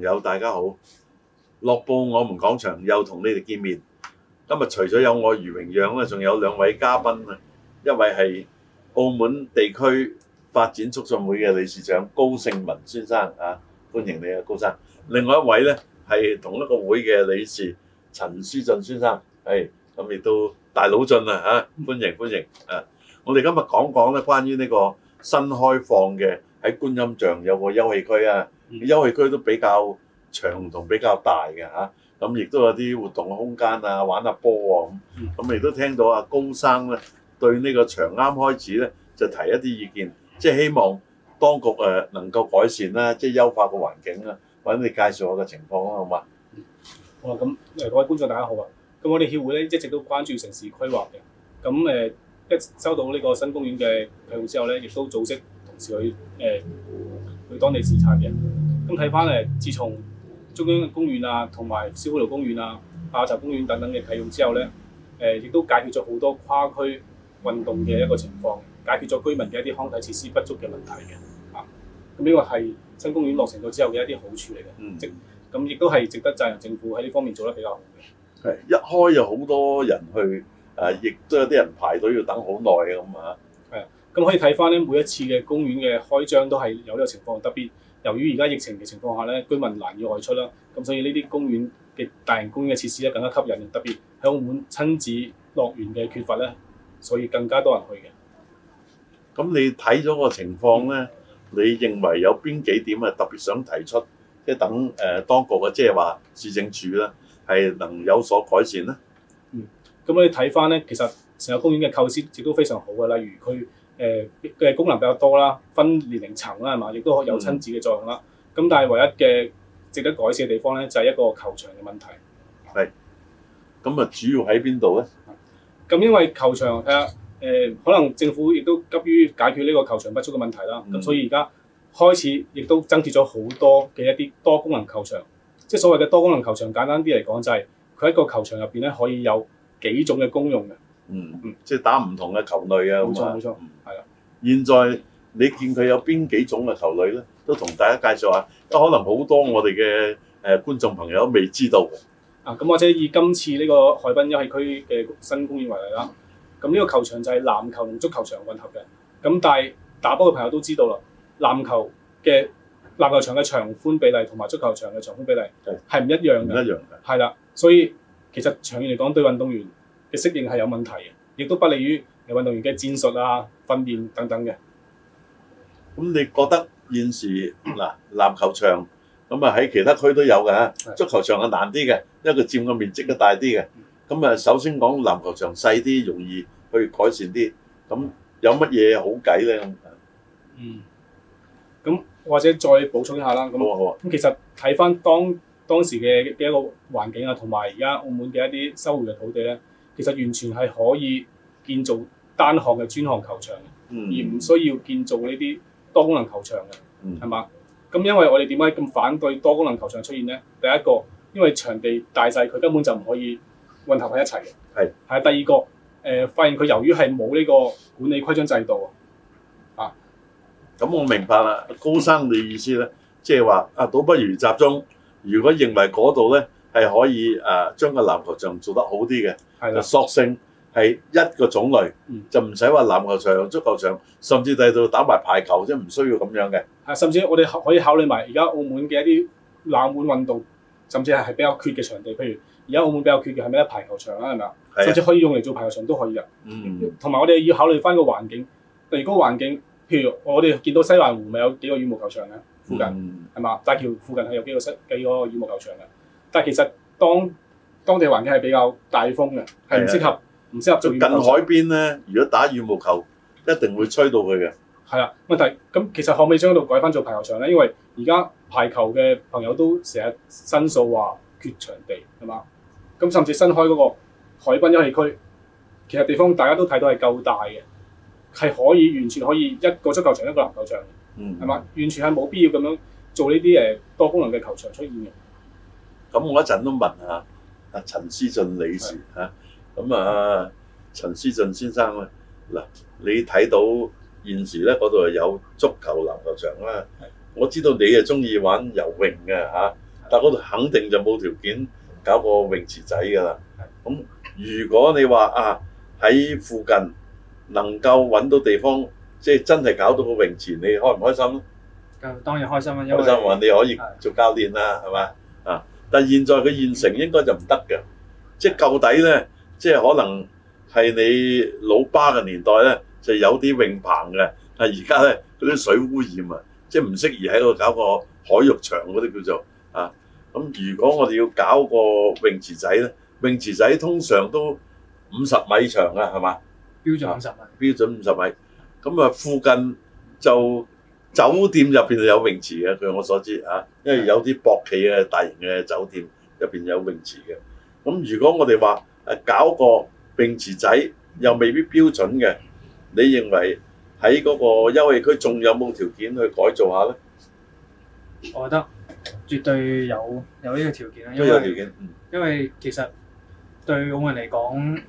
朋友大家好，樂報我們講場又同你哋見面。今日除咗有我余榮陽啦，仲有兩位嘉賓啊，一位係澳門地區發展促進會嘅理事長高勝文先生啊，歡迎你啊高生。另外一位咧係同一個會嘅理事陳書進先生，係咁亦都大佬進啊吓，歡迎歡迎啊！我哋今日講講咧關於呢個新開放嘅喺觀音像有個休憩區啊。休憩區都比較長同比較大嘅嚇，咁亦都有啲活動空間啊，玩下波啊咁，咁亦都聽到阿高生咧對呢個長啱開始咧就提一啲意見，即係希望當局誒能夠改善啦，即係優化個環境啦，或者你介紹我嘅情況啊，好嘛？好啊，咁誒各位觀眾大家好啊，咁我哋協會咧一直都關注城市規劃嘅，咁誒一收到呢個新公園嘅規劃之後咧，亦都組織同事去誒，呃當地視察嘅，咁睇翻誒，自從中央嘅公園啊，同埋燒灰爐公園啊、亞洲公園等等嘅啟用之後咧，誒、呃、亦都解決咗好多跨區運動嘅一個情況，解決咗居民嘅一啲康體設施不足嘅問題嘅，啊，咁呢個係新公園落成咗之後嘅一啲好處嚟嘅，嗯，咁亦都係值得讚揚政府喺呢方面做得比較好嘅。係一開有好多人去，誒、啊，亦都有啲人排隊要等好耐嘅咁啊。咁可以睇翻咧，每一次嘅公園嘅開張都係有呢個情況，特別由於而家疫情嘅情況下咧，居民難以外出啦，咁所以呢啲公園嘅大型公園嘅設施咧更加吸引，特別喺澳門親子樂園嘅缺乏咧，所以更加多人去嘅。咁你睇咗個情況咧、嗯，你認為有邊幾點係特別想提出，即係等誒，呃，當局嘅，即係話市政署咧，係能有所改善咧？嗯，咁可以睇翻咧，其實成個公園嘅構思亦都非常好嘅，例如佢。誒、呃、嘅功能比較多啦，分年齡層啦，係嘛，亦都有親子嘅作用啦。咁、嗯、但係唯一嘅值得改善嘅地方咧，就係、是、一個球場嘅問題。係。咁啊，主要喺邊度咧？咁、嗯、因為球場睇下、呃、可能政府亦都急於解決呢個球場不足嘅問題啦。咁、嗯、所以而家開始亦都增設咗好多嘅一啲多功能球場。即係所謂嘅多功能球場，簡單啲嚟講，就係佢喺個球場入邊咧，可以有幾種嘅功用嘅。嗯嗯，即係打唔同嘅球類啊，冇錯冇錯，係啦。現在你見佢有邊幾種嘅球類咧，都同大家介紹下，都可能好多我哋嘅誒觀眾朋友都未知道。啊，咁或者以今次呢個海濱休憩區嘅新公園為例啦，咁、嗯、呢個球場就係籃球同足球場混合嘅。咁但係打波嘅朋友都知道啦，籃球嘅籃球場嘅長寬比例同埋足球場嘅長寬比例係唔一樣嘅，唔一樣嘅係啦。所以其實長遠嚟講，對運動員。嘅適應係有問題嘅，亦都不利於你運動員嘅戰術啊、訓練等等嘅。咁你覺得現時嗱，籃球場咁啊，喺其他區都有嘅，足球場係難啲嘅，因為佢佔嘅面積都大啲嘅。咁、嗯、啊，首先講籃球場細啲容易去改善啲。咁有乜嘢好計咧？嗯。咁或者再補充一下啦。好好啊。咁其實睇翻當當時嘅嘅一個環境啊，同埋而家澳門嘅一啲收回嘅土地咧。其實完全係可以建造單項嘅專項球場，嗯、而唔需要建造呢啲多功能球場嘅，係、嗯、嘛？咁因為我哋點解咁反對多功能球場出現呢？第一個，因為場地大細，佢根本就唔可以混合喺一齊嘅。係。係第二個，誒、呃，發現佢由於係冇呢個管理規章制度、嗯、啊。咁我明白啦，高生嘅意思呢，即係話啊，倒不如集中。如果認為嗰度呢。係可以誒，將個籃球場做得好啲嘅，索性係一個種類，嗯、就唔使話籃球場、足球場，甚至第度打埋排球啫，唔需要咁樣嘅。係，甚至我哋可以考慮埋而家澳門嘅一啲冷門運動，甚至係比較缺嘅場地，譬如而家澳門比較缺嘅係咩咧？排球場啦，係咪啊？甚至可以用嚟做排球場都可以嘅。嗯。同埋我哋要考慮翻個環境，如果環境譬如我哋見到西灣湖咪有幾個羽毛球場嘅附近係嘛、嗯？大橋附近係有幾個室幾個羽毛球場嘅。但係其實當當地環境係比較大風嘅，係唔適合唔適合做近海邊咧。如果打羽毛球，一定會吹到佢嘅。係啦，問題咁其實可唔可以將嗰度改返做排球場咧？因為而家排球嘅朋友都成日申訴話缺場地，係嘛？咁甚至新開嗰個海濱休憩區，其實地方大家都睇到係夠大嘅，係可以完全可以一個足球場一個籃球場，係嘛、嗯？完全係冇必要咁樣做呢啲誒多功能嘅球場出現嘅。咁、嗯、我、嗯、一陣都問下阿陳思俊理事嚇，咁啊陳思俊先生嗱，你睇到現時咧嗰度有足球，球、籃球場啦，我知道你啊中意玩游泳嘅嚇，但嗰度肯定就冇條件搞個泳池仔㗎啦。咁如果你話啊喺附近能夠揾到地方，即係真係搞到個泳池，你開唔開心當當然開心啦，開心話你可以做教練啦，係嘛？但現在佢現成應該就唔得嘅，即係舊底咧，即係可能係你老爸嘅年代咧，就有啲泳棚嘅。但係而家咧，嗰啲水污染啊，即係唔適宜喺度搞個海浴場嗰啲叫做啊。咁如果我哋要搞個泳池仔咧，泳池仔通常都五十米長啊，係嘛？標準五十米。啊，標準五十米。咁啊，附近就。酒店入邊有泳池嘅，據我所知嚇，因為有啲博企嘅大型嘅酒店入邊有泳池嘅。咁如果我哋話誒搞個泳池仔，又未必標準嘅，你認為喺嗰個休憩區仲有冇條件去改造下呢？我覺得絕對有，有呢個條件啦，因為、都有條件、嗯、因為其實對我哋嚟講。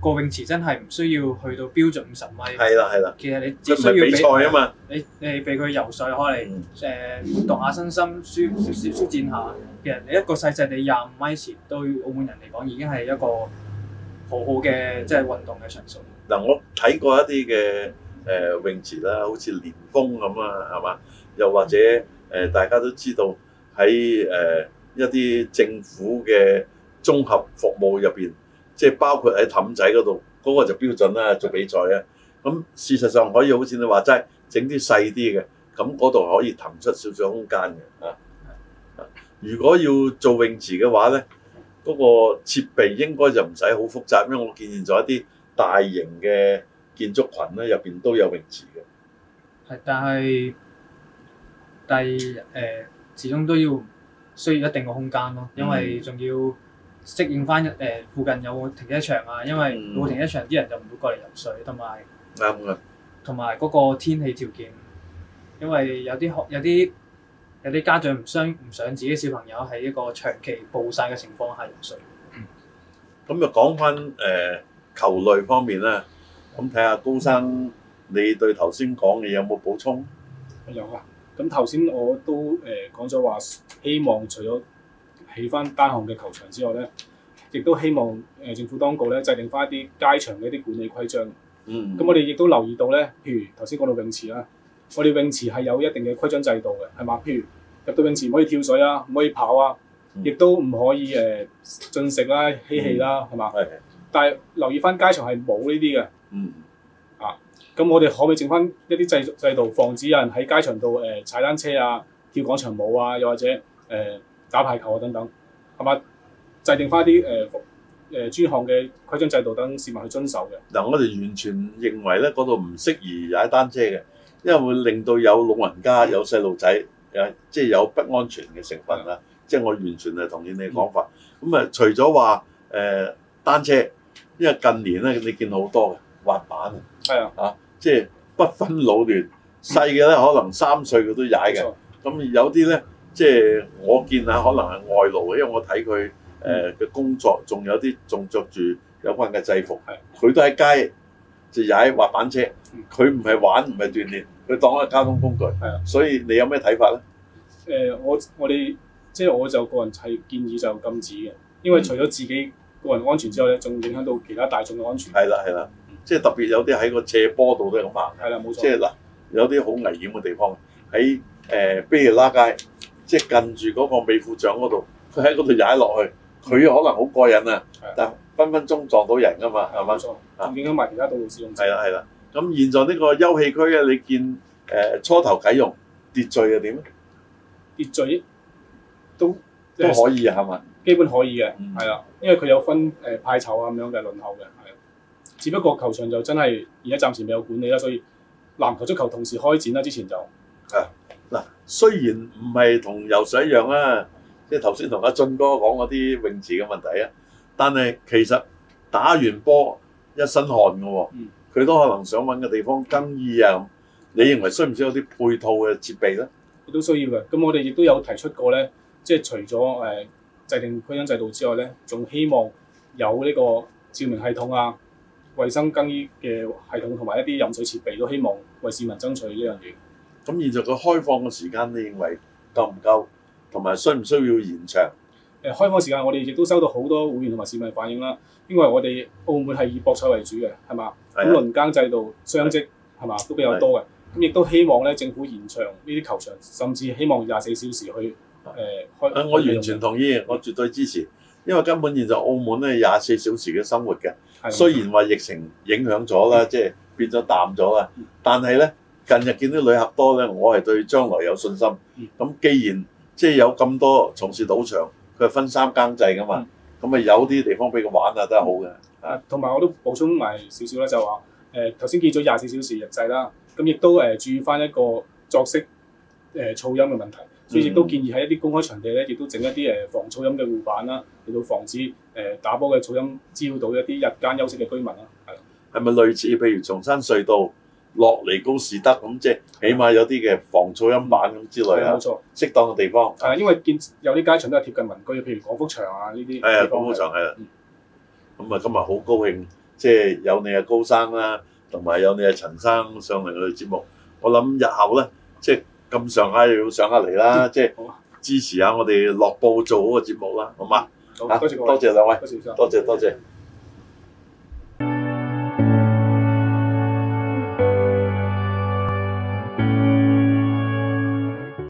個泳池真係唔需要去到標準五十米，係啦係啦。其實你只需要比賽吖嘛，你你俾佢游水，開嚟活動下身心，舒舒展下。其實你一個細細地廿五米前，對澳門人嚟講已經係一個很好好嘅即係運動嘅場所。嗱，我睇過一啲嘅誒泳池啦，好似蓮峰咁啊，係嘛？又或者誒、呃，大家都知道喺誒、呃、一啲政府嘅綜合服務入邊。即係包括喺氹仔嗰度，嗰個就標準啦，做比賽咧。咁事實上可以好似你話齋，整啲細啲嘅，咁嗰度可以騰出少少空間嘅。啊，如果要做泳池嘅話咧，嗰個設備應該就唔使好複雜，因為我見現咗一啲大型嘅建築群咧，入邊都有泳池嘅。係，但係但係誒，始終都要需要一定嘅空間咯，因為仲要。嗯適應翻誒附近有冇停車場啊，因為冇停車場啲人就唔會過嚟游水，同埋啱嘅，同埋嗰個天氣條件，因為有啲學有啲有啲家長唔想唔想自己小朋友喺一個長期暴曬嘅情況下游水。咁、嗯、就講翻誒球類方面咧，咁睇下高生你對頭先講嘅有冇補充？有啊，咁頭先我都誒講咗話希望除咗起翻單項嘅球場之外咧，亦都希望誒政府當局咧制定翻一啲街場嘅一啲管理規章。嗯。咁、嗯、我哋亦都留意到咧，譬如頭先講到泳池啦，我哋泳池係有一定嘅規章制度嘅，係嘛？譬如入到泳池唔可以跳水啊，唔可以跑啊，亦都唔可以誒、嗯、進食啦、嬉戲啦，係、嗯、嘛？係、嗯、但係留意翻街場係冇呢啲嘅。嗯。啊，咁我哋可唔可以整翻一啲制制度防止有人喺街場度誒踩單車啊、跳廣場舞啊，又或者誒，呃打排球啊，等等，係咪制定翻啲誒誒專項嘅規章制度，等市民去遵守嘅？嗱、嗯，我哋完全認為咧，嗰度唔適宜踩單車嘅，因為會令到有老人家、嗯、有細路仔，誒，即係有不安全嘅成分啦。即係我完全係同意你嘅講法。咁、嗯、啊、嗯，除咗話誒單車，因為近年咧，你見到好多嘅滑板、嗯、啊，係啊，嚇，即係不分老嫩、嗯，細嘅咧，可能三歲佢都踩嘅。咁、嗯、有啲咧。即係我見下，可能係外勞嘅、嗯，因為我睇佢誒嘅工作，仲、嗯、有啲仲着住有關嘅制服，佢都喺街就踩滑板車，佢唔係玩，唔係鍛鍊，佢當係交通工具。係啊，所以你有咩睇法咧？誒、呃，我我哋即係我就個人係建議就禁止嘅，因為除咗自己、嗯、個人安全之外咧，仲影響到其他大眾嘅安全。係啦，係啦、嗯，即係特別有啲喺個斜坡度都係咁行。係啦，冇錯。即係嗱，有啲好危險嘅地方喺誒，比如、呃、拉街。即係近住嗰個美副將嗰度，佢喺嗰度踩落去，佢可能好過癮啊、嗯！但分分鐘撞到人噶嘛，係嘛？咁點解賣其他道路使用？係啦係啦。咁現在呢個休憩區咧，你見誒、呃、初頭啟用秩序又點？秩序，秩序都都可以係咪？基本可以嘅，係、嗯、啦，因為佢有分誒派籌啊咁樣嘅輪候嘅，係。只不過球場就真係而家暫時未有管理啦，所以籃球、足球同時開展啦。之前就係。嗱，雖然唔係同游水一樣啦，即係頭先同阿俊哥講嗰啲泳池嘅問題啊，但係其實打完波一身汗嘅喎，佢都可能想揾個地方更衣啊。你認為需唔需要啲配套嘅設備咧？亦都需要嘅。咁我哋亦都有提出過咧，即係除咗誒制定規章制度之外咧，仲希望有呢個照明系統啊、衞生更衣嘅系統同埋一啲飲水設備，都希望為市民爭取呢樣嘢。咁現在佢開放嘅時間，你認為夠唔夠？同埋需唔需要延長？誒、呃，開放時間我哋亦都收到好多會員同埋市民反映啦。因為我哋澳門係以博彩為主嘅，係嘛？咁輪更制度、雙職係嘛都比較多嘅。咁亦都希望咧政府延長呢啲球場，甚至希望廿四小時去誒開、呃。我完全同意，我絕對支持，因為根本現在澳門咧廿四小時嘅生活嘅。雖然話疫情影響咗啦、嗯，即係變咗淡咗啦，但係咧。近日見到旅客多咧，我係對將來有信心。咁既然即係有咁多從事賭場，佢係分三更制噶嘛，咁、嗯、咪有啲地方俾佢玩啊，都係好嘅、嗯。啊，同埋我都補充埋少少啦，就話誒頭先見咗廿四小時日制啦，咁亦都誒、呃、注意翻一個作息誒、呃、噪音嘅問題，所以亦都建議喺一啲公開場地咧，亦都整一啲誒防噪音嘅護板啦，嚟到防止誒、呃、打波嘅噪音招到一啲日間休息嘅居民啦。係咪類似譬如松山隧道？落嚟高士德咁，即係起碼有啲嘅防噪音板咁之類啊，適當嘅地方。啊，因為有啲街場都係貼近民居，譬如廣福牆啊呢啲。係啊，廣福牆係啦。咁啊、嗯，今日好高興，即係有你啊高生啦，同埋有你啊陳生上嚟我哋節目。我諗日後咧，即係咁上下要上下嚟啦，即係支持下我哋樂報做嗰個節目啦。好嘛，嚇，多謝各位，多謝多謝。多謝多謝多謝多謝。